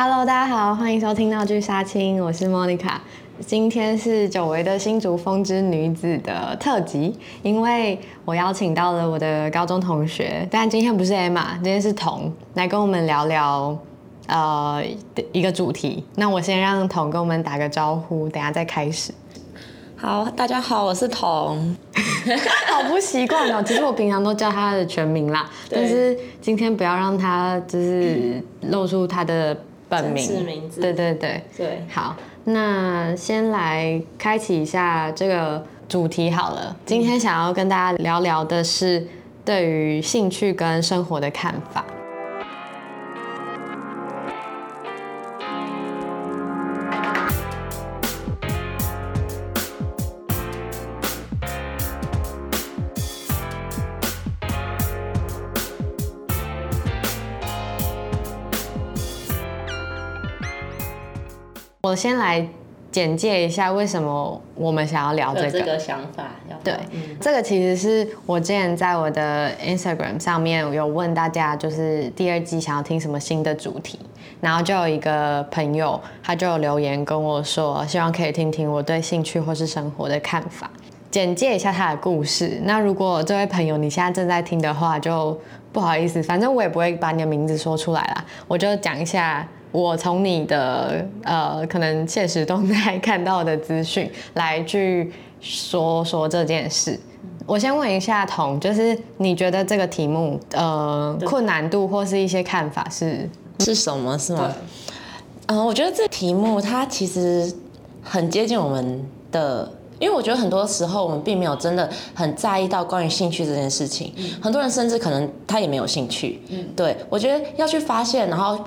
Hello，大家好，歡迎收聽《鬧劇殺青》，我是莫妮卡。今天是久違的《新竹風之女子》的特輯，因為我邀請到了我的高中同學，但今天不是 Emma，今天是彤來跟我們聊聊呃一個主題。那我先讓彤跟我們打個招呼，等一下再開始。好，大家好，我是彤。 好不習慣哦。其實我平常都叫她的全名啦，對但是今天不要讓她就是露出她的、嗯。本名對對對對，對好，那先來開啟一下這個主題好了。嗯，今天想要跟大家聊聊的是對於興趣跟生活的看法。我先來簡介一下，為什麼我們想要聊這個想法。對，這個其實是我之前在我的 Instagram 上面有問大家，就是第二季想要聽什麼新的主題，然後就有一個朋友他就有留言跟我說，希望可以聽聽我對興趣或是生活的看法。簡介一下他的故事。那如果這位朋友你現在正在聽的話，就不好意思，反正我也不會把你的名字說出來啦，我就講一下。我從你的呃，可能限時動態看到的資訊來去說說這件事。嗯、我先問一下彤，就是你覺得這個題目呃，對困難度或是一些看法是是什麼？是嗎？對嗯，我覺得這題目它其實很接近我們的，因為我覺得很多時候我們並沒有真的很在意到關於興趣這件事情。嗯、很多人甚至可能他也沒有興趣。嗯、對，我覺得要去發現，然後。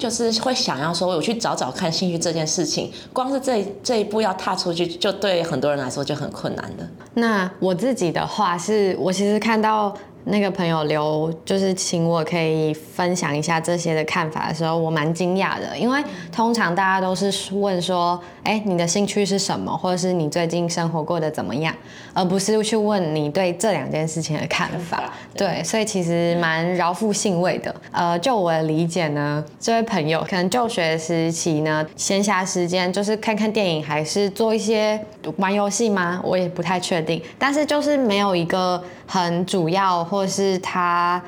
就是會想要說，我去找找看興趣這件事情，光是這一這一步要踏出去，就對很多人來說就很困難的。那我自己的話是，是我其實看到。那個朋友留就是請我可以分享一下這些的看法的時候，我蠻驚訝的，因為通常大家都是問說，哎，你的興趣是什麼？或者是你最近生活過得怎麼樣？而不是去問你對這兩件事情的看法。對，所以其實蠻饒富興味的。呃，就我的理解呢，這位朋友可能就學時期呢，閒暇時間就是看看電影還是做一些玩遊戲嗎？我也不太確定，但是就是沒有一個很主要或或是他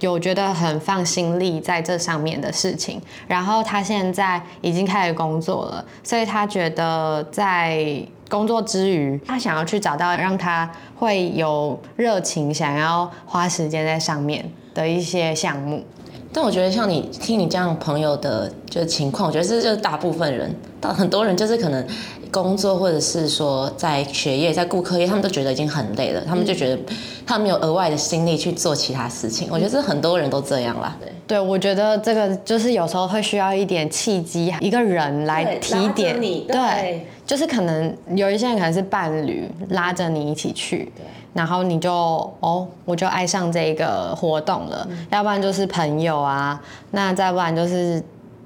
有覺得很放心力在這上面的事情，然後他現在已經開始工作了，所以他覺得在工作之餘，他想要去找到讓他會有熱情，想要花時間在上面的一些項目。但我覺得像你聽你這樣朋友的、就是、情況，我覺得這就是大部分人，很多人就是可能。工作或者是說在學業、在顧課業，他們都覺得已經很累了，他們就覺得他們沒有額外的心力去做其他事情。嗯、我覺得很多人都這樣啦。對，我覺得這個就是有時候會需要一點契機，一個人來提點。對，你對、對，就是可能有一些人可能是伴侶拉着你一起去，對然後你就哦，我就愛上這個活動了。嗯、要不然就是朋友啊，那再不然就是。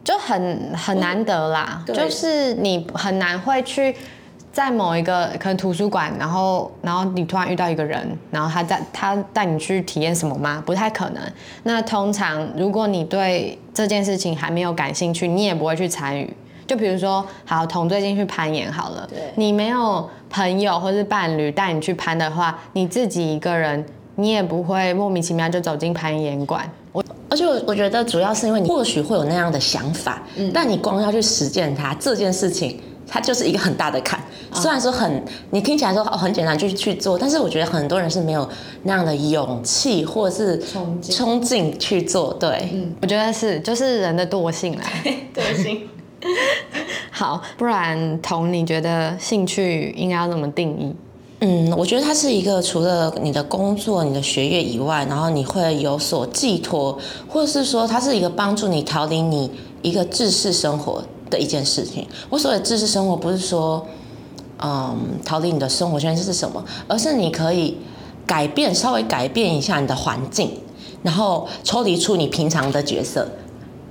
就很很難得啦，是就是你很難會去在某一個可能圖書館，然後然後你突然遇到一個人，然後他在他帶你去體驗什麼嗎？不太可能。那通常如果你對這件事情還沒有感興趣，你也不會去參與。就比如說，好彤最近去攀岩好了，對你沒有朋友或是伴侶帶你去攀的話，你自己一個人，你也不會莫名其妙就走進攀岩館。而且我我覺得主要是因為你或許會有那樣的想法，嗯、但你光要去實踐它這件事情，它就是一個很大的坎。哦、雖然說很你聽起來說很簡單，就去做，但是我覺得很多人是沒有那樣的勇氣或者是衝衝勁去做。對、嗯，我覺得是，就是人的惰性啦，惰 對性。 好，不然彤你覺得興趣應該要怎麼定義？嗯，我覺得它是一個除了你的工作，你的學業以外，然後你會有所寄托，或者是說它是一個幫助你逃離你一個窒息生活的一件事情。我所謂窒息生活，不是說，嗯，逃離你的生活圈是什麼，而是你可以改變，稍微改變一下你的環境，然後抽離出你平常的角色。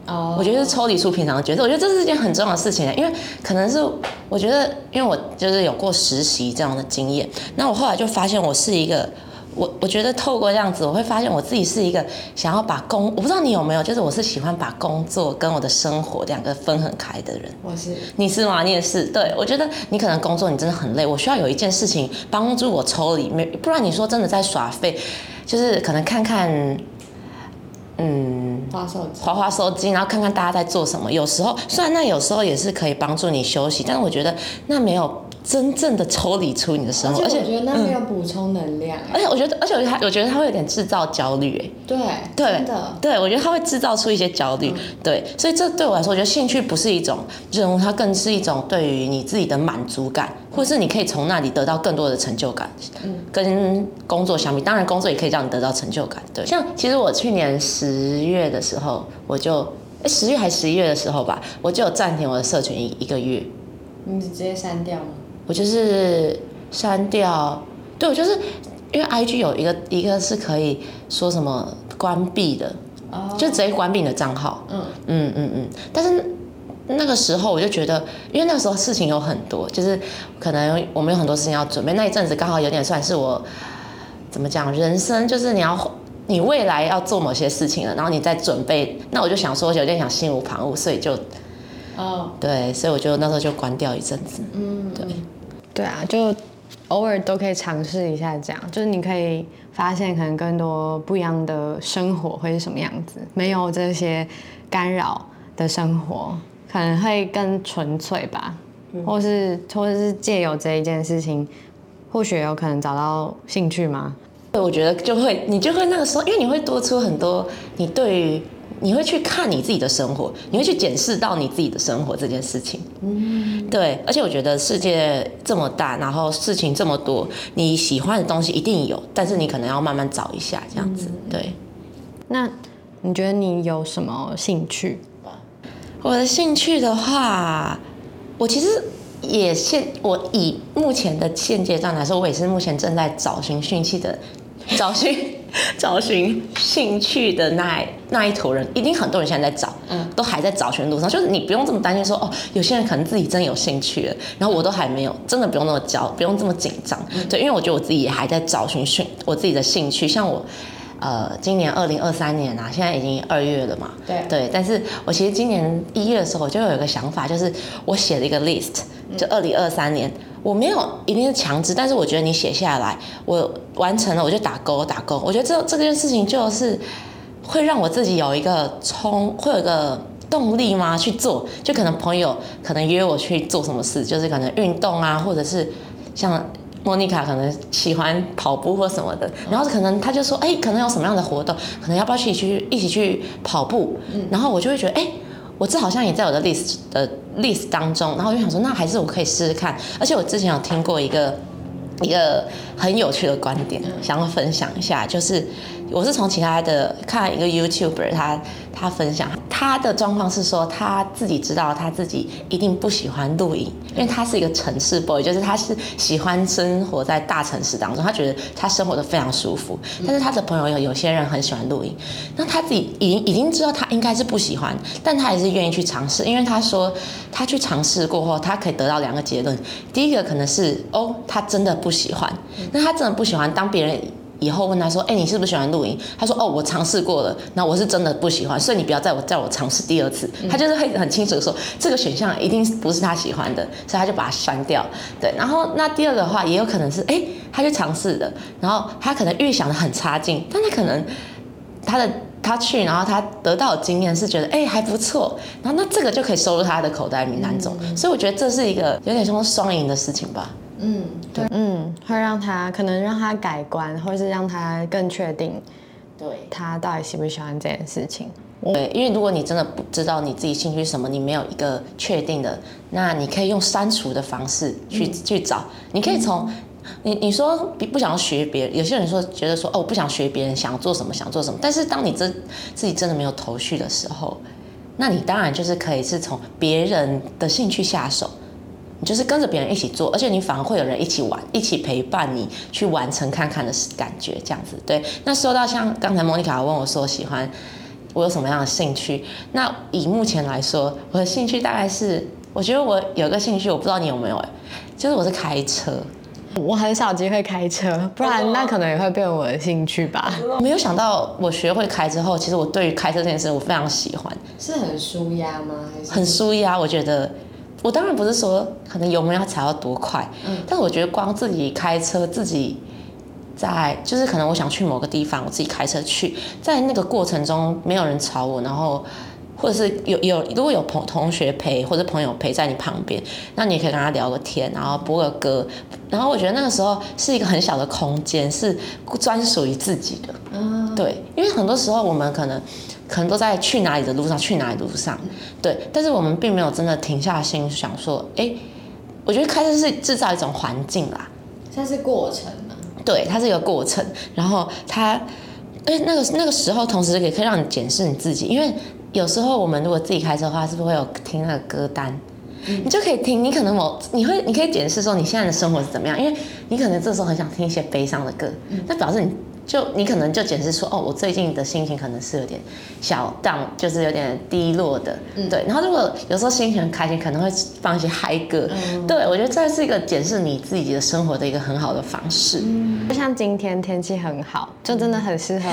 哦，oh. 我覺得是抽離出平常的角色，我覺得這是一件很重要的事情。因為可能是我覺得，因為我就是有過實習這樣的經驗，那我後來就發現我是一個，我我覺得透過這樣子，我會發現我自己是一個想要把工，我不知道你有沒有，就是我是喜歡把工作跟我的生活兩個分很開的人。我是。你是嗎？你也是？對，我覺得你可能工作你真的很累，我需要有一件事情幫助我抽離，沒，不然你說真的在耍廢，就是可能看看。嗯，滑滑手機，然後看看大家在做什麼。有時候，雖然那有時候也是可以幫助你休息，但是我覺得那沒有。真正的抽離出你的生活，而且我覺得那沒有補充能量、欸，而且我覺得，而且我覺得他，我覺得他會有點製造焦慮、欸，哎，對，對的，對我覺得他會製造出一些焦慮，嗯、對，所以這對我來說，我覺得興趣不是一種，任務，它更是一種對於你自己的滿足感，或者是你可以從那裡得到更多的成就感，嗯、跟工作相比，當然工作也可以讓你得到成就感，對，像其實我去年十月的時候，我就，哎、欸、十月還十一月的時候吧，我就有暫停我的社群一一個月，你直接刪掉嗎？我就是刪掉，對，我就是因為 IG 有一個一個是可以說什麼關閉的，oh. 就直接關閉你的賬號。嗯嗯嗯嗯。但是那個時候我就覺得，因為那個時候事情有很多，就是可能我們有很多事情要準備。那一陣子剛好有點算是我怎麼講，人生就是你要你未來要做某些事情了，然後你在準備。那我就想說，有點想心無旁騖，所以就哦，oh. 對，所以我就那時候就關掉一陣子。嗯，oh. 對。對啊，就偶爾都可以嘗試一下，這樣就是你可以發現可能更多不一樣的生活會是什麼樣子。沒有這些干擾的生活，可能會更純粹吧？或是或者是借由這一件事情，或許有可能找到興趣嗎？對，我覺得就會你就會那個時候，因為你會多出很多你對於。你會去看你自己的生活，你會去檢視到你自己的生活這件事情。嗯，對。而且我覺得世界這麼大，然後事情這麼多，你喜歡的東西一定有，但是你可能要慢慢找一下這樣子。嗯、對。那你覺得你有什麼興趣吧？我的興趣的話，我其實也現我以目前的現階段來說，我也是目前正在找尋訊息的，找尋。 找尋興趣的那一那一坨人，一定很多人現在在找，嗯，都還在找尋路上。就是你不用這麼擔心說，說哦，有些人可能自己真有興趣了，然後我都還沒有，真的不用那麼焦，不用這麼緊張。嗯、對，因為我覺得我自己也還在找尋興我自己的興趣。像我，呃，今年二零二三年啊，現在已經二月了嘛，對，對。但是我其實今年一月的時候，我就有一個想法，就是我寫了一個 list，就二零二三年。嗯嗯我沒有一定是強制，但是我覺得你寫下來，我完成了我就打勾打勾。我覺得這這件事情就是會讓我自己有一個衝，會有一個動力嗎去做？就可能朋友可能約我去做什麼事，就是可能運動啊，或者是像莫妮卡可能喜歡跑步或什麼的，然後可能他就說，哎，可能有什麼樣的活動，可能要不要一起去一起去跑步？然後我就會覺得，哎。我這好像也在我的 list 的 list 當中，然後我就想說，那還是我可以試試看。而且我之前有聽過一個一個很有趣的觀點，想要分享一下，就是。我是從其他的看一個 YouTuber，他他分享他的狀況是說，他自己知道他自己一定不喜歡露營，因為他是一個城市 boy，就是他是喜歡生活在大城市當中，他覺得他生活的非常舒服。但是他的朋友有有些人很喜歡露營，那他自己已經已經知道他應該是不喜歡，但他還是願意去嘗試，因為他說他去嘗試過後，他可以得到兩個結論，第一個可能是哦，他真的不喜歡，那他真的不喜歡當別人。以後問他說，哎、欸，你是不是喜歡露營？他說，哦，我嘗試過了，那我是真的不喜歡，所以你不要再我叫我嘗試第二次。他就是會很清楚的說，這個選項一定不是他喜歡的，所以他就把它刪掉。對，然後那第二個的話，也有可能是，哎、欸，他去嘗試的，然後他可能預想的很差勁，但他可能他的他去，然後他得到的經驗是覺得，哎、欸，還不錯，然後那這個就可以收入他的口袋名單中。嗯、所以我覺得這是一個有點像是雙贏的事情吧。嗯，對，嗯，會讓他可能讓他改觀，或是讓他更確定，對他到底喜不喜歡這件事情。對，因為如果你真的不知道你自己興趣什麼，你沒有一個確定的，那你可以用刪除的方式去、嗯、去找。你可以從你你說不想要學別人，有些人說覺得說哦，我不想學別人，想做什麼想做什麼。但是當你真自己真的沒有頭緒的時候，那你當然就是可以是從別人的興趣下手。你就是跟着別人一起做，而且你反而會有人一起玩，一起陪伴你去完成看看的感覺，這樣子。對，那說到像剛才莫妮卡問我說喜歡我有什麼樣的興趣，那以目前來說，我的興趣大概是，我覺得我有個興趣，我不知道你有沒有，就是我是開車，我很少機會開車，不然那可能也會變成我的興趣吧。沒有想到我學會開之後，其實我對於開車這件事我非常喜歡，是很舒壓嗎？還是很舒壓？我覺得。我當然不是說可能油門，要踩到多快，嗯，但我覺得光自己開車自己在，就是可能我想去某個地方，我自己開車去，在那個過程中沒有人吵我，然後或者是有有如果有朋同學陪或者朋友陪在你旁邊，那你也可以跟他聊個天，然後播個歌，然後我覺得那個時候是一個很小的空間，是專屬於自己的，嗯，對，因為很多時候我們可能。可能都在去哪裡的路上，去哪裡的路上，對。但是我們並沒有真的停下心想說，哎、欸，我覺得開車是制造一種環境啦，像是過程，對，它是一個過程。然後它，哎、欸，那個那個時候，同時也可以讓你檢視你自己。因為有時候我們如果自己開車的話，是不是會有聽那個歌單？嗯、你就可以聽，你可能某你會，你可以檢視說你現在的生活是怎麼樣。因為你可能這時候很想聽一些悲傷的歌，那、嗯、表示你。就你可能就解釋說，哦，我最近的心情可能是有點小 down，就是有點低落的，嗯、對。然後如果有時候心情很開心，可能會放一些嗨歌，嗯、對，我覺得這是一個檢視你自己的生活的一個很好的方式。嗯、就像今天天氣很好，就真的很適合。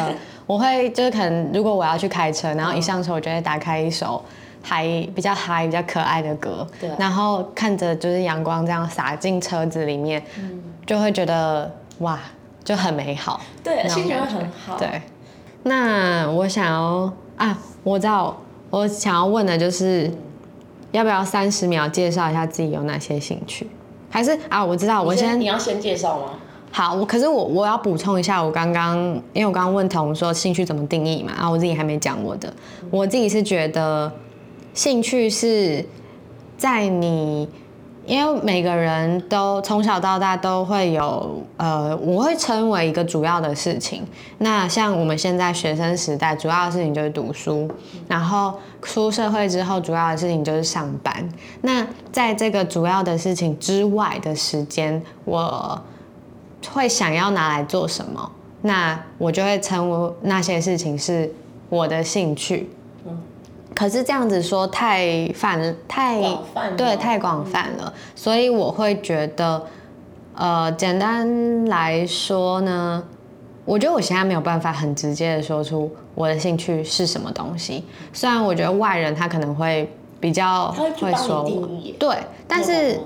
我會就是可能如果我要去開車，然後一上車，我就會打開一首嗨比較嗨比較可愛的歌，對、嗯。然後看着就是陽光這樣灑進車子裡面，嗯、就會覺得哇。就很美好，對，興趣會很好。對，那我想要啊，我知道我想要問的就是，要不要三十秒介紹一下自己有哪些興趣？還是啊，我知道我先，你，先你要先介紹嗎？好，我可是我我要補充一下我剛剛，我剛剛因為我剛剛問彤我說興趣怎麼定義嘛，然、啊、後我自己還沒講我的，我自己是覺得興趣是在你。因為每個人都從小到大都會有，呃，我會稱為一個主要的事情。那像我們現在學生時代，主要的事情就是讀書；然後出社會之後，主要的事情就是上班。那在這個主要的事情之外的時間，我會想要拿來做什麼？那我就會稱為那些事情是我的興趣。可是這樣子說太泛太了對，太廣泛了，所以我會覺得，呃，簡單來說呢，我覺得我現在沒有辦法很直接的說出我的興趣是什麼東西。雖然我覺得外人他可能會比較會說我對，但是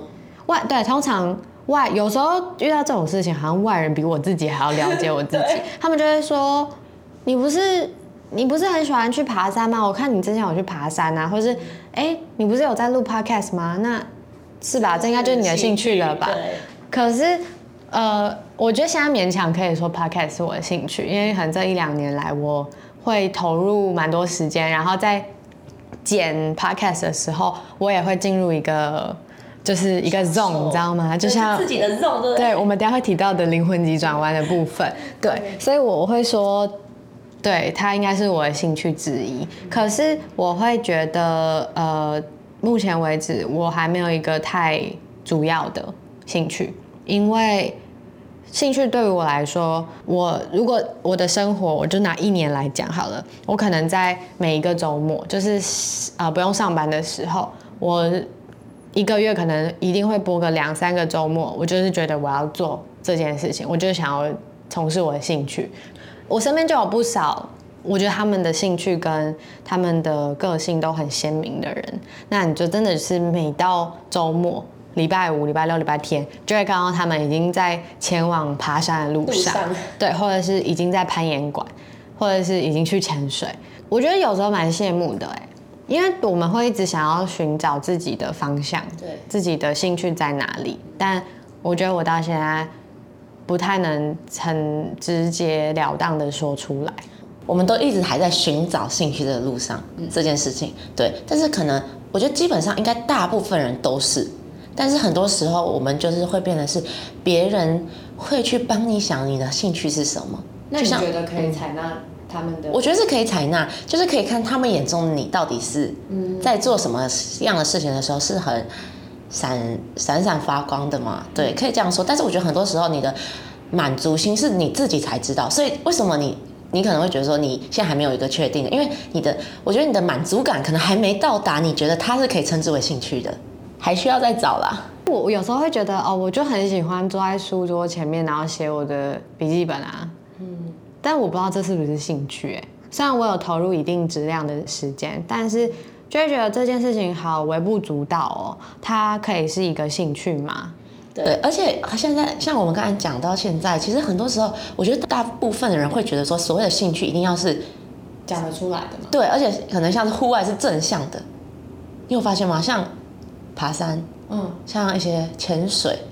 外對，通常外有時候遇到這種事情，好像外人比我自己還要了解我自己，對他們就會說你不是，你不是很喜歡去爬山嗎？我看你之前有去爬山啊，或是，哎、欸，你不是有在錄 podcast 嗎？那，是吧？這應該就是你的興趣了吧？對。可是，呃，我覺得現在勉強可以說 podcast 是我的興趣，因為可能這一兩年來，我會投入蠻多時間，然後在剪 podcast 的時候，我也會進入一個，就是一個 zone，受你知道嗎？就像自己的 zone 對對。對，我們等下會提到的靈魂急轉彎的部分。對，對所以我會說。對，它應該是我的興趣之一。可是我會覺得，呃，目前為止我還沒有一個太主要的興趣，因為興趣對於我來說，我如果我的生活，我就拿一年來講好了，我可能在每一個周末，就是呃不用上班的時候，我一個月可能一定會播個兩三個周末，我就是覺得我要做這件事情，我就想要從事我的興趣。我身邊就有不少，我覺得他們的興趣跟他們的個性都很鮮明的人。那你就真的是每到週末、禮拜五、禮拜六、禮拜天，就會看到他們已經在前往爬山的路上，路上對，或者是已經在攀岩館，或者是已經去潛水。我覺得有時候蠻羨慕的哎、欸，因為我們會一直想要尋找自己的方向，對，自己的興趣在哪裡。但我覺得我到現在，不太能很直截了當的說出來，我們都一直還在尋找興趣的路上，嗯、這件事情對，但是可能我覺得基本上應該大部分人都是，但是很多時候我們就是會變得是別人會去幫你想你的興趣是什麼，那你覺得可以採納他們的？我覺得是可以採納，就是可以看他們眼中你到底是在做什麼樣的事情的時候是很。閃閃閃發光的嘛，對，可以這樣說。但是我覺得很多時候你的滿足心是你自己才知道，所以為什麼你你可能會覺得說你現在還沒有一個確定的，因為你的我覺得你的滿足感可能還沒到達，你覺得它是可以稱之為興趣的，還需要再找啦。我有時候會覺得哦，我就很喜歡坐在書桌前面然後寫我的筆記本啊，嗯，但我不知道這是不是興趣哎。雖然我有投入一定質量的時間，但是。就會覺得這件事情好微不足道哦，它可以是一個興趣嗎？對，而且現在像我們剛才講到現在，其實很多時候，我覺得大部分的人會覺得說，所謂的興趣一定要是講得出來的嘛。對，而且可能像是戶外是正向的，你有發現嗎？像爬山，嗯，像一些潛水，嗯、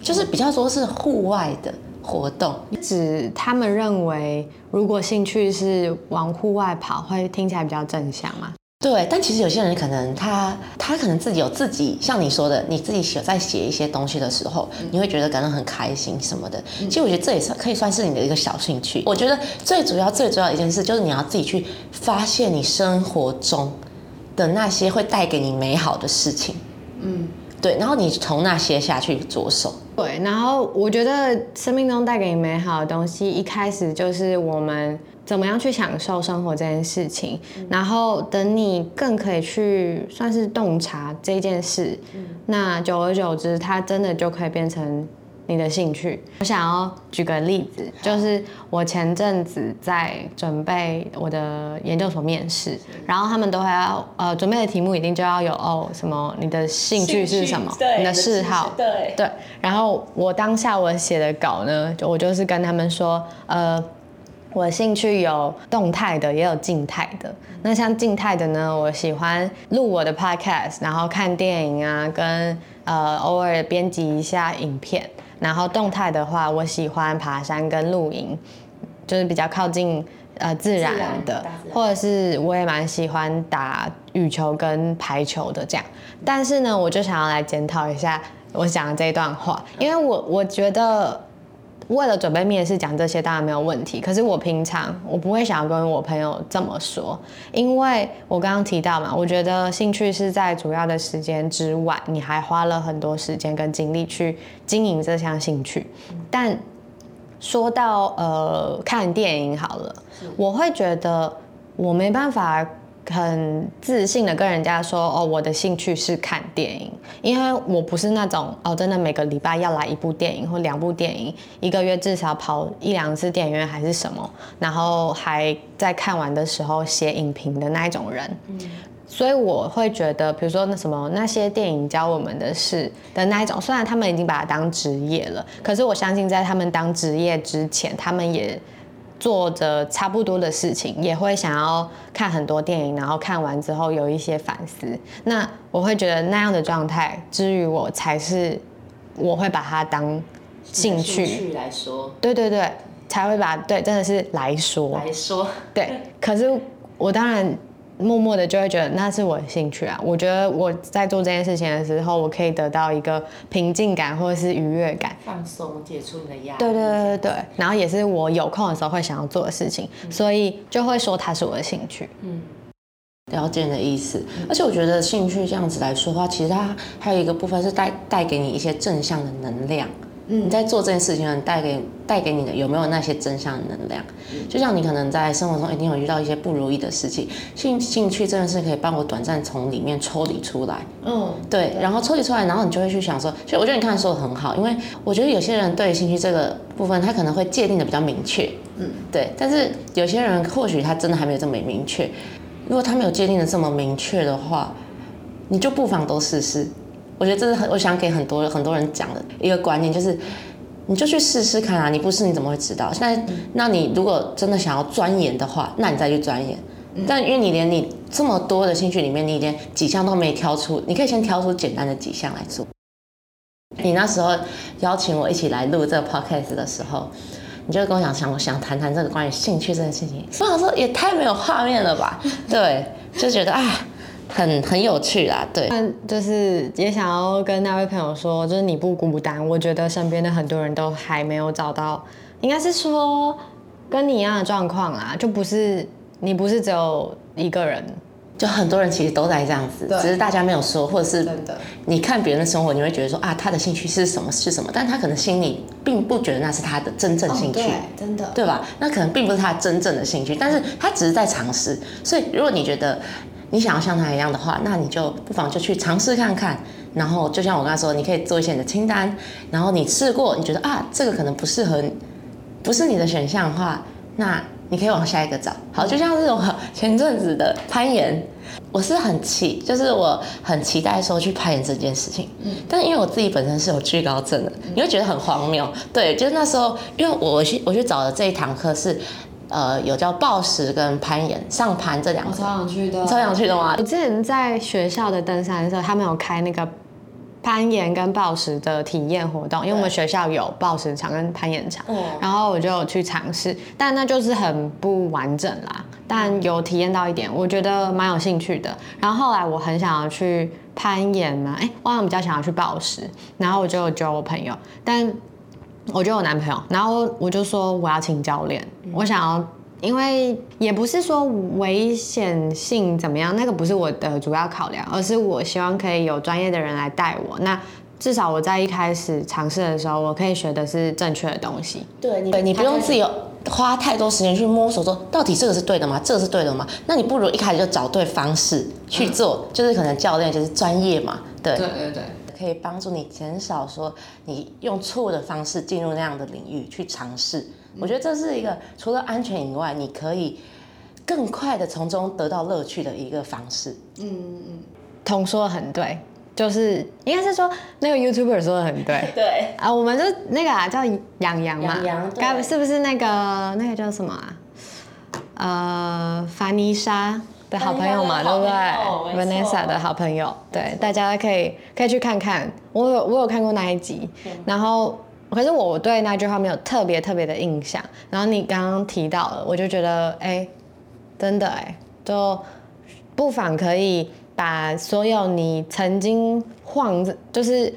就是比較說是戶外的活動。指他們認為，如果興趣是往戶外跑，會聽起來比較正向嗎？對，但其實有些人可能他他可能自己有自己，像你說的，你自己寫在寫一些東西的時候，嗯、你會覺得感到很開心什麼的。嗯、其實我覺得這也是可以算是你的一個小興趣。嗯、我覺得最主要最主要的一件事就是你要自己去發現你生活中的那些會帶給你美好的事情。嗯，對，然後你從那些下去着手。對，然後我覺得生命中帶給你美好的東西，一開始就是我們。怎麼樣去享受生活這件事情，嗯、然後等你更可以去算是洞察這件事，嗯、那久而久之，它真的就可以變成你的興趣。嗯、我想要舉個例子，嗯、就是我前陣子在準備我的研究所面試，是然後他們都會要呃準備的題目一定就要有哦什麼你的興趣是什麼，對你的嗜好，對對。然後我當下我寫的稿呢，就我就是跟他們說呃。我興趣有動態的，也有靜態的。那像靜態的呢，我喜歡錄我的 podcast，然後看電影啊，跟呃偶爾編輯一下影片。然後動態的話，我喜歡爬山跟露營，就是比較靠近呃自然的，自然，大自然，或者是我也蠻喜歡打羽球跟排球的這樣。但是呢，我就想要來檢討一下我講的這段話，因為我我覺得。為了準備面試講這些當然沒有問題，可是我平常我不會想要跟我朋友這麼說，因為我剛剛提到嘛，我覺得興趣是在主要的時間之外，你還花了很多時間跟精力去經營這項興趣。但說到，呃，看電影好了，我會覺得我沒辦法。很自信的跟人家說，哦，我的興趣是看電影，因為我不是那種哦，真的每個禮拜要來一部電影或兩部電影，一個月至少跑一兩次電影院還是什麼，然後還在看完的時候寫影評的那一種人。嗯。所以我會覺得，比如說那什麼那些電影教我們的事的那一種，雖然他們已經把它當職業了，可是我相信在他們當職業之前，他們也。做着差不多的事情，也會想要看很多電影，然後看完之後有一些反思。那我會覺得那樣的狀態之於我才是，我會把它當興趣來來說。對對對，才會把對，真的是來說。來說。對，可是我當然。默默的就會覺得那是我的興趣啊！我覺得我在做這件事情的時候，我可以得到一個平靜感或者是愉悅感，放鬆、解除你的壓力。對對對對，然後也是我有空的時候會想要做的事情，嗯、所以就會說它是我的興趣。嗯，了解你的意思。而且我覺得興趣這樣子來說的話，其實它還有一個部分是帶帶給你一些正向的能量。你在做這件事情，你帶給帶給你的有沒有那些正向能量？就像你可能在生活中一定有遇到一些不如意的事情，興興趣這件事可以幫我短暫從裡面抽離出來。嗯，對，然後抽離出來，然後你就會去想說，其實我覺得你剛才說的很好，因為我覺得有些人對興趣這個部分，他可能會界定得比較明確。嗯，對，但是有些人或許他真的還沒有這麼明確，如果他沒有界定得這麼明確的話，你就不妨都試試。我覺得這是很，我想給很多很多人講的一個觀念，就是你就去試試看啊，你不試你怎麼會知道？現在那你如果真的想要鑽研的話，那你再去鑽研。但因為你連你這麼多的興趣裡面，你連幾項都沒挑出，你可以先挑出簡單的幾項來做。你那時候邀請我一起來錄這個 podcast 的時候，你就跟我講，想我想談談這個關於興趣這件事情。我想說也太沒有畫面了吧？ 對，就覺得啊。很很有趣啦，對，那就是也想要跟那位朋友說，就是你不孤單，我覺得身邊的很多人都還沒有找到，應該是說跟你一樣的狀況啊，就不是你不是只有一個人，就很多人其實都在這樣子，對只是大家沒有說，或者是真的，你看別人的生活，你會覺得說啊，他的興趣是什麼是什麼，但他可能心裡並不覺得那是他的真正興趣，哦、對真的，對吧？那可能並不是他真正的興趣，但是他只是在嘗試，所以如果你覺得。你想要像他一樣的話，那你就不妨就去嘗試看看。然後，就像我剛才說，你可以做一些你的清單。然後你試過，你覺得啊，這個可能不適合，不是你的選項的話，那你可以往下一個找。好，就像這種前陣子的攀岩，我是很期，就是我很期待說去攀岩這件事情。嗯。但因為我自己本身是有懼高症的，你會覺得很荒謬。對，就是那時候，因為我去我去找的這一堂課是。呃，有叫抱石跟攀岩上攀這兩個，超想去的。啊，超想去的嗎？我之前在學校的登山的時候，他們有開那個攀岩跟抱石的體驗活動，因為我們學校有抱石場跟攀岩場，對然後我就去嘗試，但那就是很不完整啦。但有體驗到一點，嗯、我覺得蠻有興趣的。然後後來我很想要去攀岩嘛，哎、欸，我好像比較想要去抱石，然後我就交我朋友，但。我就有男朋友，然後我就說我要請教練，嗯、我想要，因為也不是說危險性怎麼樣，那個不是我的主要考量，而是我希望可以有專業的人來帶我。那至少我在一開始嘗試的時候，我可以學的是正確的東西。對，你不用自己花太多時間去摸索，說到底這個是對的嗎？這個是對的嗎？那你不如一開始就找對方式去做，嗯、就是可能教練就是專業嘛。對，對，對，對，對。可以幫助你減少說你用錯的方式進入那樣的領域去嘗試，我覺得這是一個除了安全以外，你可以更快的從中得到樂趣的一個方式嗯。嗯嗯嗯，彤說的很對，就是應該是說那個 YouTuber 說的很對。對啊，我們就那個啊叫養羊，羊嘛，該是不是那個、嗯、那個叫什麼、啊？呃，凡妮莎。的好朋友嘛，對不對？Vanessa 的好朋友，沒錯，對，沒錯。大家可以可以去看看。我有我有看過那一集，嗯，然後可是我對那句話沒有特別特別的印象。然後你剛剛提到了，我就覺得哎，真的哎，就不妨可以把所有你曾經晃，嗯，就是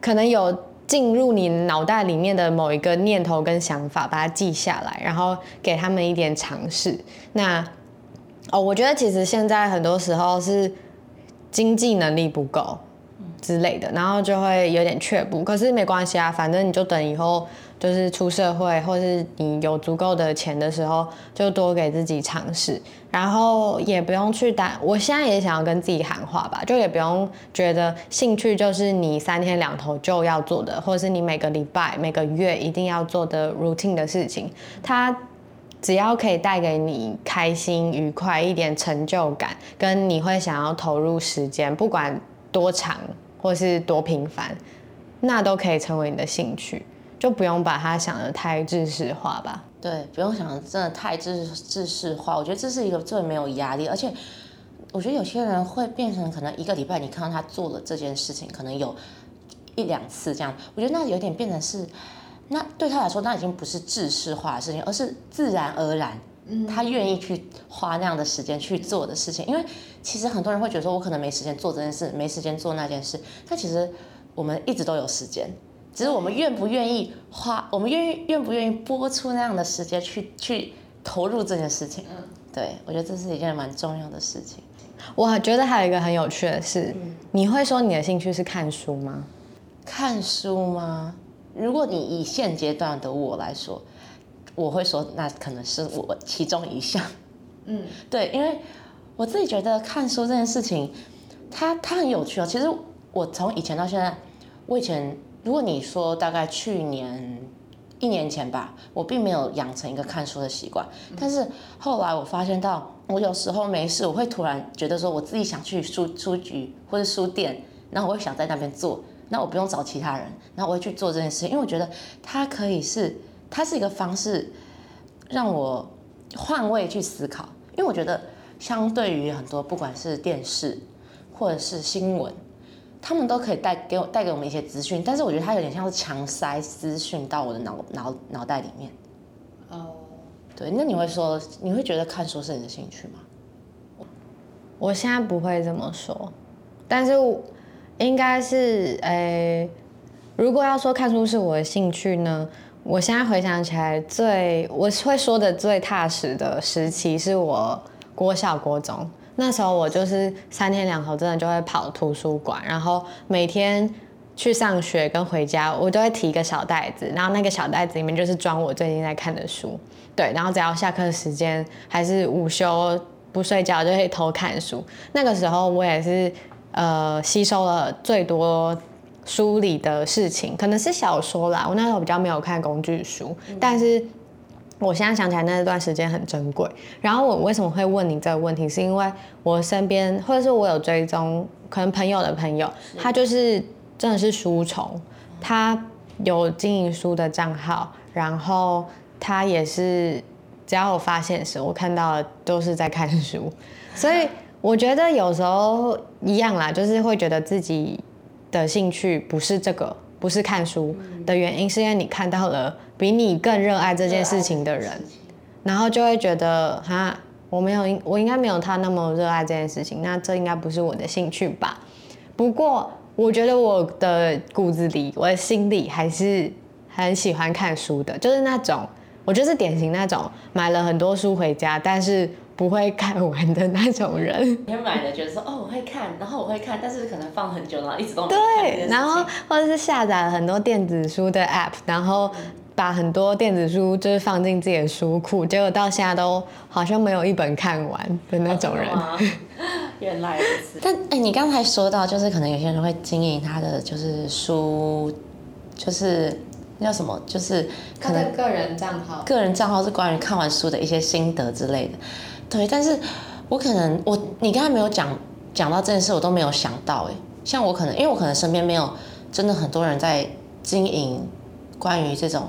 可能有進入你腦袋裡面的某一個念頭跟想法，把它記下來，然後給他們一點嘗試。那哦，oh, 我覺得其實現在很多時候是經濟能力不夠之類的，然後就會有點卻步。可是沒關係啊，反正你就等以後就是出社會，或是你有足夠的錢的時候，就多給自己嘗試。然後也不用去擔，我現在也想要跟自己喊話吧，就也不用覺得興趣就是你三天兩頭就要做的，或者是你每個禮拜、每個月一定要做的 routine 的事情，他。只要可以帶給你開心、愉快一點成就感，跟你會想要投入時間，不管多長或是多頻繁，那都可以成為你的興趣，就不用把它想得太制式化吧。對，不用想得真的太制制式化，我覺得這是一個最沒有壓力，而且我覺得有些人會變成可能一個禮拜你看到他做了這件事情，可能有一兩次這樣，我覺得那有點變成是。那對他來說，那已經不是制式化的事情，而是自然而然，他願意去花那樣的時間去做的事情。因為其實很多人會覺得，說我可能沒時間做這件事，沒時間做那件事。但其實我們一直都有時間，只是我們願不願意花，我們願意願不願意撥出那樣的時間去去投入這件事情。對，我覺得這是一件蠻重要的事情。我覺得還有一個很有趣的是，你會說你的興趣是看書嗎？看書嗎？如果你以現階段的我來說，我會說那可能是我其中一項，嗯，對，因為我自己覺得看書這件事情，它它很有趣哦、喔。其實我從以前到現在，我以前如果你說大概去年一年前吧，我並沒有養成一個看書的習慣。嗯，但是後來我發現到，我有時候沒事，我會突然覺得說我自己想去書書局或者書店，然後我會想在那邊做。那我不用找其他人，那我會去做這件事情。因為我覺得它可以是，它是一個方式，讓我換位去思考。因為我覺得相對於很多不管是電視或者是新聞，他們都可以帶給我帶給我們一些資訊，但是我覺得它有點像是強塞資訊到我的腦腦腦袋裡面。哦，oh. 對，那你會說你會覺得看書是你的興趣嗎？我現在不會這麼說，但是我。應該是，呃、欸，如果要說看書是我的興趣呢，我現在回想起來最，最我會說的最踏實的時期是我國小國中，那時候我就是三天兩頭真的就會跑圖書館，然後每天去上學跟回家，我都會提一個小袋子，然後那個小袋子裡面就是裝我最近在看的書，對，然後只要下課時間還是午休不睡覺，就可以偷看書。那個時候我也是。呃，吸收了最多書裡的事情，可能是小說啦。我那時候比較沒有看工具書，嗯、但是我現在想起來那段時間很珍貴。然後我為什麼會問你這個問題，是因為我身邊或者是我有追蹤，可能朋友的朋友，是他就是真的是書蟲，他有經營書的賬號，然後他也是，只要我發現時，我看到的都是在看書。所以我覺得有時候。一樣啦，就是會覺得自己的興趣不是這個，不是看書的原因，是因為你看到了比你更熱愛這件事情的人，然後就會覺得哈，我沒有，我應該沒有他那麼熱愛這件事情，那這應該不是我的興趣吧？不過我覺得我的骨子裡，我的心裡還是很喜歡看書的，就是那種，我就是典型那種，買了很多書回家，但是。不會看完的那種人，你會買的覺得說哦我會看，然後我會看，但是可能放很久了，然後一直都對，然後或者是下載了很多電子書的 App，然後把很多電子書就是放進自己的書庫，結果到現在都好像沒有一本看完的那種人。哦哦哦哦哦哦、原來如此。但哎、欸，你剛才說到，就是可能有些人會經營他的就是書，就是叫什麼，就是可能他的個人賬號。個人賬號是關於看完書的一些心得之類的。對，但是我可能我你剛才沒有講講到這件事，我都沒有想到誒。像我可能，因為我可能身邊沒有真的很多人在經營關於這種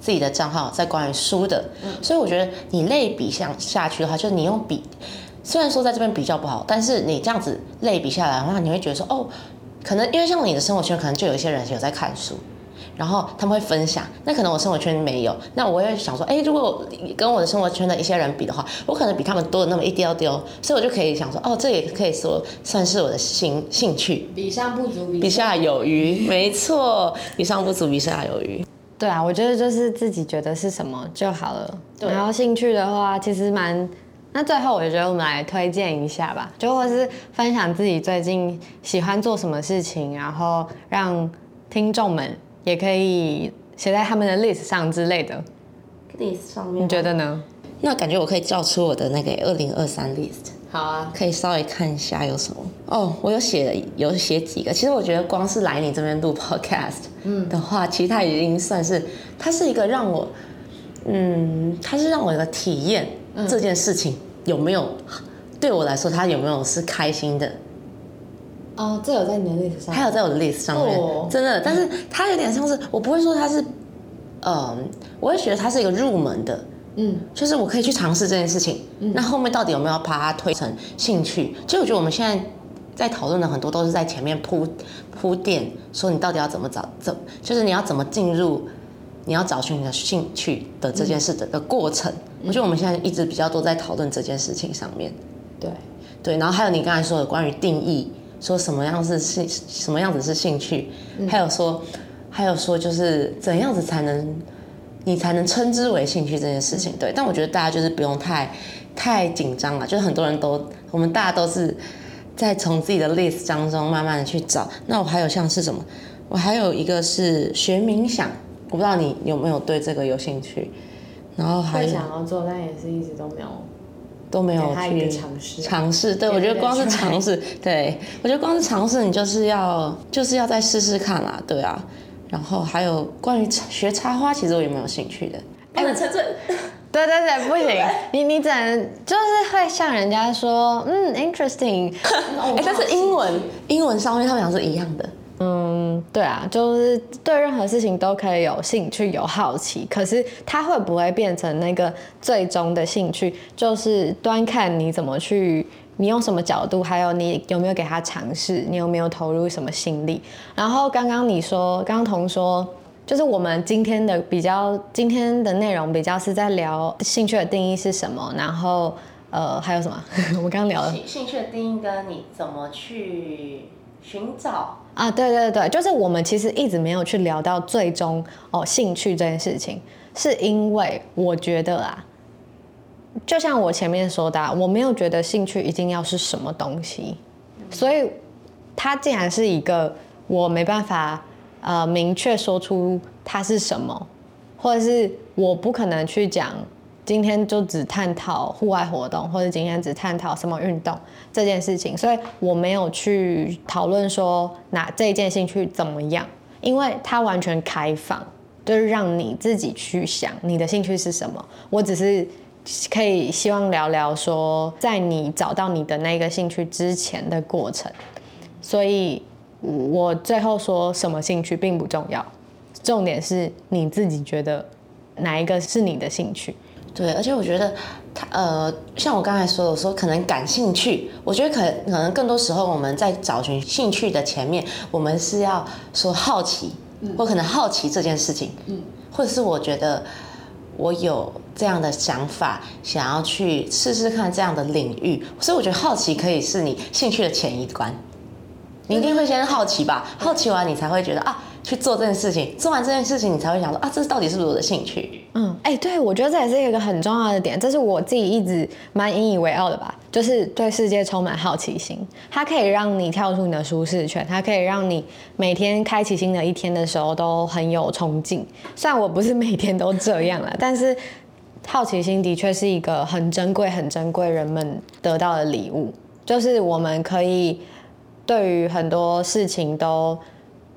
自己的賬號，在關於書的，嗯、所以我覺得你類比像下去的話，就是你用比雖然說在這邊比較不好，但是你這樣子類比下來的話，你會覺得說哦，可能因為像你的生活圈，可能就有一些人有在看書。然後他們會分享，那可能我生活圈沒有，那我也想說，哎，如果跟我的生活圈的一些人比的話，我可能比他們多了那麼一丟丢，所以我就可以想說，哦，這也可以說算是我的興興趣。比上不足，比下有餘，沒錯，比上不足，比下有餘。對啊，我覺得就是自己覺得是什麼就好了。對，然後興趣的話，其實蠻……那最後我覺得我們來推薦一下吧，就或是分享自己最近喜歡做什麼事情，然後讓聽眾們。也可以寫在他們的 list 上之類的，list 上，你覺得呢？那感覺我可以叫出我的那個二零二三 list。好啊，可以稍微看一下有什麼。哦、oh，我有寫有寫幾個。其實我覺得光是來你這邊錄 podcast 的話，嗯、其實它已經算是，它是一個讓我，嗯，它是讓我一個體驗、嗯、這件事情有沒有，對我來說它有沒有是開心的。哦，oh，這有在你的 list 上，還有在我的 list 上面，oh。真的。但是它有點像是，我不會說它是，嗯、呃，我會覺得它是一個入門的，嗯，就是我可以去嘗試這件事情。嗯、那後面到底有沒有把它推成興趣？其實、嗯、我覺得我們現在在討論的很多都是在前面鋪鋪墊，說你到底要怎麼找，怎就是你要怎麼進入，你要找尋你的興趣的這件事的、嗯、的過程。我覺得我們現在一直比較多在討論這件事情上面，嗯、對對。然後還有你剛才說的關於定義。說什麼樣是興，什麼樣子是興趣，還有說，還有說就是怎樣子才能，嗯、你才能稱之為興趣這件事情。對，但我覺得大家就是不用太，太緊張了。就是很多人都，我們大家都是在從自己的 list 當中慢慢的去找。那我還有像是什麼，我還有一個是學冥想，我不知道你有沒有對這個有興趣。然後還想要做，但也是一直都沒有。都沒有去嘗試，嘗試，對，我覺得光是嘗試，對，我覺得光是嘗試，你就是要就是要再試試看啦，啊，對啊。然後還有關於學插花，其實我也蠻有興趣的。哎，欸，你等等，對，對對對，不行，吧你你只能就是會向人家說，嗯，interesting。哎，欸，但是英文 英文上面他們倆是一樣的。嗯，對啊，就是對任何事情都可以有興趣、有好奇。可是他會不會變成那個最終的興趣，就是端看你怎麼去，你用什麼角度，還有你有沒有給他嘗試，你有沒有投入什麼心力。然後剛剛你說，剛剛彤說，就是我們今天的比較，今天的內容比較是在聊興趣的定義是什麼。然後呃，還有什麼？ 我剛剛聊了興趣的定義，跟你怎麼去尋找。啊，對對對，就是我們其實一直沒有去聊到最終哦，興趣這件事情，是因為我覺得啊，就像我前面說的，啊，我沒有覺得興趣一定要是什麼東西，所以它既然是一個我沒辦法呃明確說出它是什麼，或者是我不可能去講。今天就只探討戶外活動，或者今天只探討什麼運動這件事情，所以我沒有去討論說哪這件興趣怎麼樣，因為它完全開放，就是讓你自己去想你的興趣是什麼。我只是可以希望聊聊說，在你找到你的那個興趣之前的過程。所以我最後說什麼興趣並不重要，重點是你自己覺得哪一個是你的興趣。對，而且我覺得，他、呃，像我剛才說的，我說可能感興趣，我覺得可能可能更多時候我們在找尋興趣的前面，我們是要說好奇，嗯、或可能好奇這件事情，嗯、或者是我覺得我有這樣的想法，想要去試試看這樣的領域，所以我覺得好奇可以是你興趣的前一關，你一定會先好奇吧？嗯、好奇完你才會覺得啊。去做這件事情，做完這件事情，你才會想說啊，這到底是不是我的興趣？嗯，哎、欸，對我覺得這也是一個很重要的點，這是我自己一直蠻引以為傲的吧，就是對世界充滿好奇心，它可以讓你跳出你的舒適圈，它可以讓你每天開啟新的一天的時候都很有衝勁。雖然我不是每天都這樣了， 但是好奇心的確是一個很珍貴、很珍貴人們得到的禮物，就是我們可以對於很多事情都。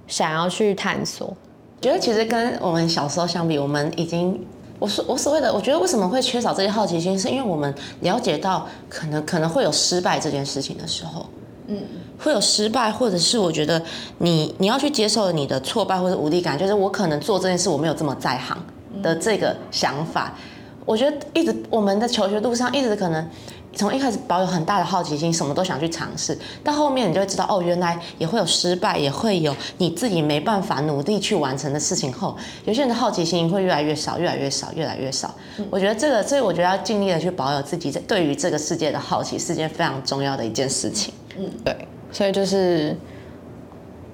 想要去探索，覺得其實跟我們小時候相比，我們已經，我說我所謂的，我覺得為什麼會缺少這些好奇心，是因為我們了解到可能可能會有失敗這件事情的時候，嗯，會有失敗，或者是我覺得你你要去接受你的挫敗或者無力感，就是我可能做這件事我沒有這麼在行的這個想法，嗯，我覺得一直我們的求學路上一直可能。從一開始保有很大的好奇心，什麼都想去嘗試，到後面你就會知道，哦，原來也會有失敗，也會有你自己沒辦法努力去完成的事情。後有些人的好奇心會越來越少，越來越少，越來越少。嗯，我覺得這個，所以我覺得要盡力的去保有自己對於這個世界的好奇，是件非常重要的一件事情。嗯，對，所以就是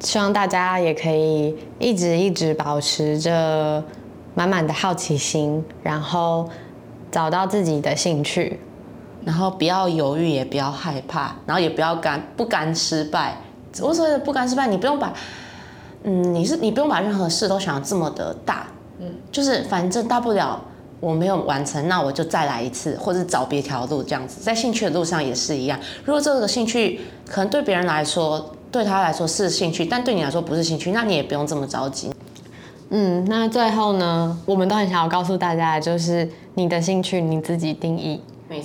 希望大家也可以一直一直保持着滿滿的好奇心，然後找到自己的興趣。然後不要猶豫，也不要害怕，然後也不要甘不甘失敗。我所謂的不甘失敗，你不用把，嗯，你是你不用把任何事都想要這麼的大，嗯，就是反正大不了我沒有完成，那我就再來一次，或者找別條路這樣子。在興趣的路上也是一樣，如果這個興趣可能對別人來說，對他來說是興趣，但對你來說不是興趣，那你也不用這麼着急。嗯，那最後呢，我們都很想要告訴大家，就是你的興趣你自己定義。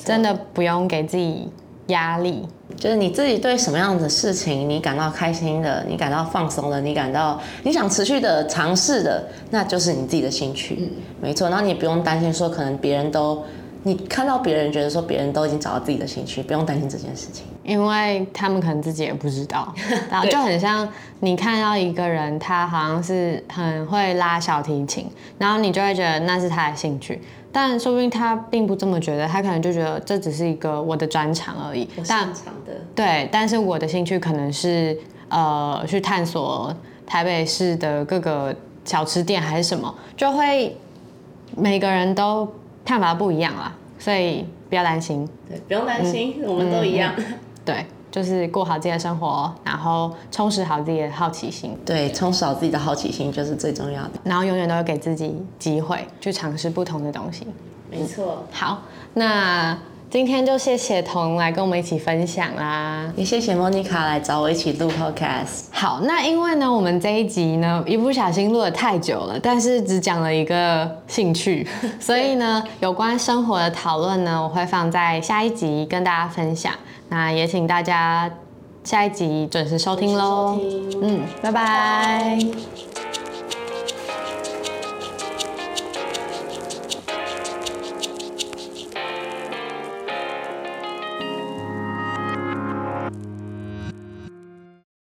真的不用給自己壓力，就是你自己對什麼樣的事情，你感到開心的，你感到放鬆的，你感到你想持續的嘗試的，那就是你自己的興趣。沒錯，然後你也不用擔心說，可能別人都，你看到別人覺得說，別人都已經找到自己的興趣，不用擔心這件事情。因為他們可能自己也不知道，然後就很像你看到一個人，他好像是很會拉小提琴，然後你就會覺得那是他的興趣，但說不定他並不這麼覺得，他可能就覺得這只是一個我的專長而已。正常的。對，但是我的興趣可能是呃去探索台北市的各個小吃店還是什麼，就會每個人都看法不一樣啦。所以不要擔心，對，不用擔心，嗯、我們都一樣。嗯嗯嗯對，就是過好自己的生活，然後充實好自己的好奇心。對，充實好自己的好奇心就是最重要的。然後永遠都會給自己機會，去嘗試不同的東西。沒錯。好，那今天就謝謝彤來跟我們一起分享啦，也謝謝 Monica 來找我一起錄 podcast。好，那因為呢，我們這一集呢，一不小心錄得太久了，但是只講了一個興趣， 所以呢，有關生活的討論呢，我會放在下一集跟大家分享。那也請大家下一集準時收聽嘍。聽嗯，拜拜。拜拜。